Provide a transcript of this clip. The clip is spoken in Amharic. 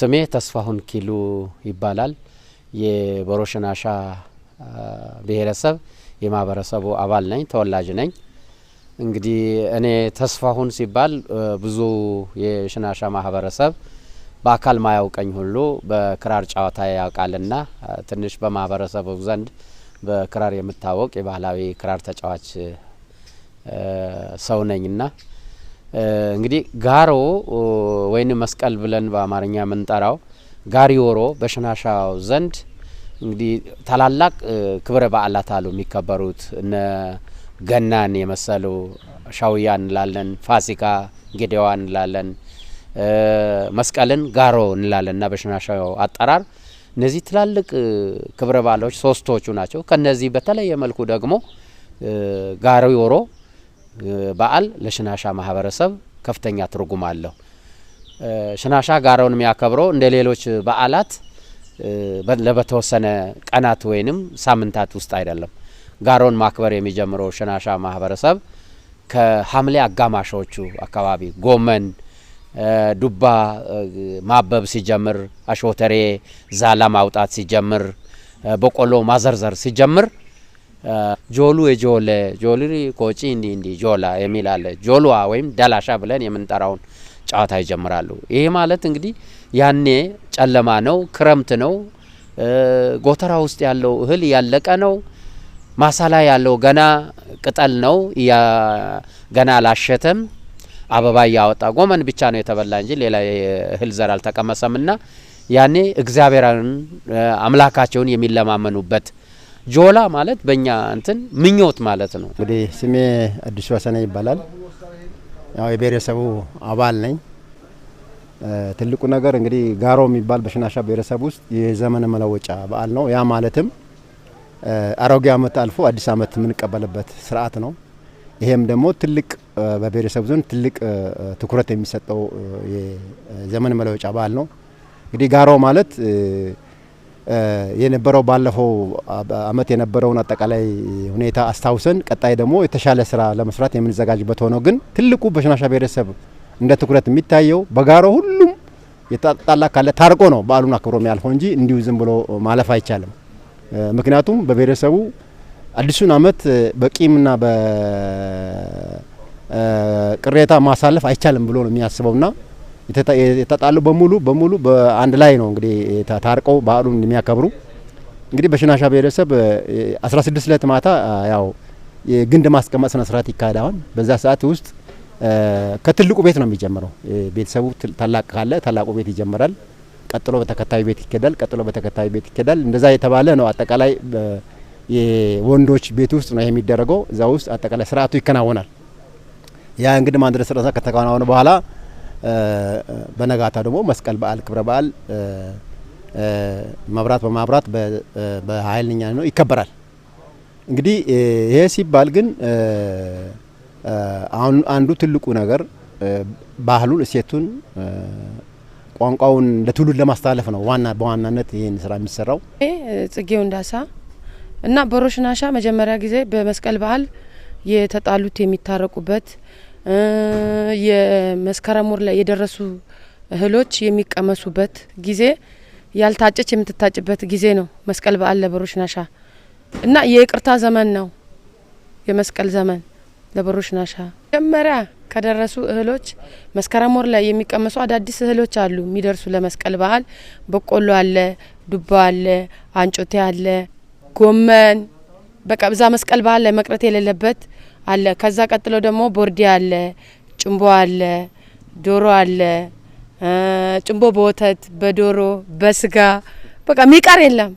ስሜ ተስፋሁን ኪሉ ይባላል። የቦሮሽናሻ ብሔረሰብ የማህበረሰቡ አባል ነኝ፣ ተወላጅ ነኝ። እንግዲህ እኔ ተስፋሁን ሲባል ብዙ የሽናሻ ማህበረሰብ በአካል ማያውቀኝ ሁሉ በክራር ጨዋታ ያውቃልና ትንሽ በማህበረሰቡ ዘንድ በክራር የምታወቅ የባህላዊ ክራር ተጫዋች ሰው ነኝና እንግዲህ ጋሮ ወይም መስቀል ብለን በአማርኛ የምንጠራው ጋሪዎሮ በሽናሻው ዘንድ እንግዲህ ታላላቅ ክብረ በዓላት አሉ የሚከበሩት እነ ገናን የመሰሉ ሻውያ እንላለን፣ ፋሲካ ጌዴዋ እንላለን፣ መስቀልን ጋሮ እንላለን እና በሽናሻው አጠራር እነዚህ ትላልቅ ክብረ በዓሎች ሶስቶቹ ናቸው። ከነዚህ በተለየ መልኩ ደግሞ ወሮ። በዓል ለሽናሻ ማህበረሰብ ከፍተኛ ትርጉም አለው። ሽናሻ ጋራውን የሚያከብረው እንደ ሌሎች በዓላት ለበተወሰነ ቀናት ወይንም ሳምንታት ውስጥ አይደለም። ጋሮን ማክበር የሚጀምረው ሽናሻ ማህበረሰብ ከሐምሌ አጋማሾቹ አካባቢ ጎመን፣ ዱባ ማበብ ሲጀምር፣ አሾተሬ ዛላ ማውጣት ሲጀምር፣ በቆሎ ማዘርዘር ሲጀምር ጆሉ የጆለ ጆሉ ኮጪ እንዲ እንዲ ጆላ የሚል አለ። ጆሉዋ ወይም ዳላሻ ብለን የምንጠራውን ጨዋታ ይጀምራሉ። ይሄ ማለት እንግዲህ ያኔ ጨለማ ነው፣ ክረምት ነው፣ ጎተራ ውስጥ ያለው እህል ያለቀ ነው፣ ማሳ ላይ ያለው ገና ቅጠል ነው፣ ገና አላሸተም፣ አበባ እያወጣ ጎመን ብቻ ነው የተበላ እንጂ ሌላ እህል ዘር አልተቀመሰምና ያኔ እግዚአብሔርን አምላካቸውን የሚለማመኑበት ጆላ ማለት በእኛ እንትን ምኞት ማለት ነው። እንግዲህ ስሜ አዲሱ ወሰነ ይባላል። ያው የብሔረሰቡ አባል ነኝ። ትልቁ ነገር እንግዲህ ጋሮ የሚባል በሽናሻ ብሔረሰብ ውስጥ የዘመን መለወጫ በዓል ነው። ያ ማለትም አሮጌ ዓመት አልፎ አዲስ ዓመት የምንቀበልበት ስርዓት ነው። ይሄም ደግሞ ትልቅ በብሔረሰቡ ዘንድ ትልቅ ትኩረት የሚሰጠው የዘመን መለወጫ በዓል ነው። እንግዲህ ጋሮ ማለት የነበረው ባለፈው አመት የነበረውን አጠቃላይ ሁኔታ አስታውሰን ቀጣይ ደግሞ የተሻለ ስራ ለመስራት የምንዘጋጅበት ሆኖ ግን ትልቁ በሽናሻ ብሔረሰብ እንደ ትኩረት የሚታየው በጋራ ሁሉም የተጣላ ካለ ታርቆ ነው በዓሉን አክብሮ የሚያልፈው እንጂ እንዲሁ ዝም ብሎ ማለፍ አይቻልም። ምክንያቱም በብሔረሰቡ አዲሱን አመት በቂምና በቅሬታ ማሳለፍ አይቻልም ብሎ ነው የሚያስበውና የተጣሉ በሙሉ በሙሉ በአንድ ላይ ነው እንግዲህ ታርቀው በዓሉን የሚያከብሩ እንግዲህ በሽናሻ ብሔረሰብ 16 ዕለት ማታ ያው የግንድ ማስቀመጥ ስነ ስርዓት ይካሄዳል። በዛ ሰዓት ውስጥ ከትልቁ ቤት ነው የሚጀምረው። ቤተሰቡ ታላቅ ካለ ታላቁ ቤት ይጀምራል። ቀጥሎ በተከታዩ ቤት ይኬዳል። ቀጥሎ በተከታዩ ቤት ይኬዳል። እንደዛ የተባለ ነው። አጠቃላይ የወንዶች ቤት ውስጥ ነው የሚደረገው። እዛ ውስጥ አጠቃላይ ስርዓቱ ይከናወናል። ያ እንግዲህ ማንድረስ ስርዓት ከተከናወነ በኋላ በነጋታ ደግሞ መስቀል በዓል ክብረ በዓል መብራት በማብራት በኃይለኛ ነው ይከበራል። እንግዲህ ይሄ ሲባል ግን አንዱ ትልቁ ነገር ባህሉን፣ እሴቱን፣ ቋንቋውን ለትውልድ ለማስተላለፍ ነው ዋና በዋናነት ይህን ስራ የሚሰራው። ጽጌው እንዳሳ እና በሮሽናሻ መጀመሪያ ጊዜ በመስቀል በዓል የተጣሉት የሚታረቁበት የመስከረም ወር ላይ የደረሱ እህሎች የሚቀመሱበት ጊዜ፣ ያልታጨች የምትታጭበት ጊዜ ነው። መስቀል በዓል ለበሮች ናሻ እና የይቅርታ ዘመን ነው። የመስቀል ዘመን ለበሮች ናሻ መጀመሪያ ከደረሱ እህሎች መስከረም ወር ላይ የሚቀመሱ አዳዲስ እህሎች አሉ የሚደርሱ ለመስቀል በዓል በቆሎ አለ፣ ዱባ አለ፣ አንጮቴ አለ፣ ጎመን በቃ እዛ መስቀል በዓል ላይ መቅረት የሌለበት አለ። ከዛ ቀጥሎ ደግሞ ቦርዴ አለ፣ ጭንቦ አለ፣ ዶሮ አለ። ጭንቦ በወተት በዶሮ በስጋ በቃ ሚቀር የለም።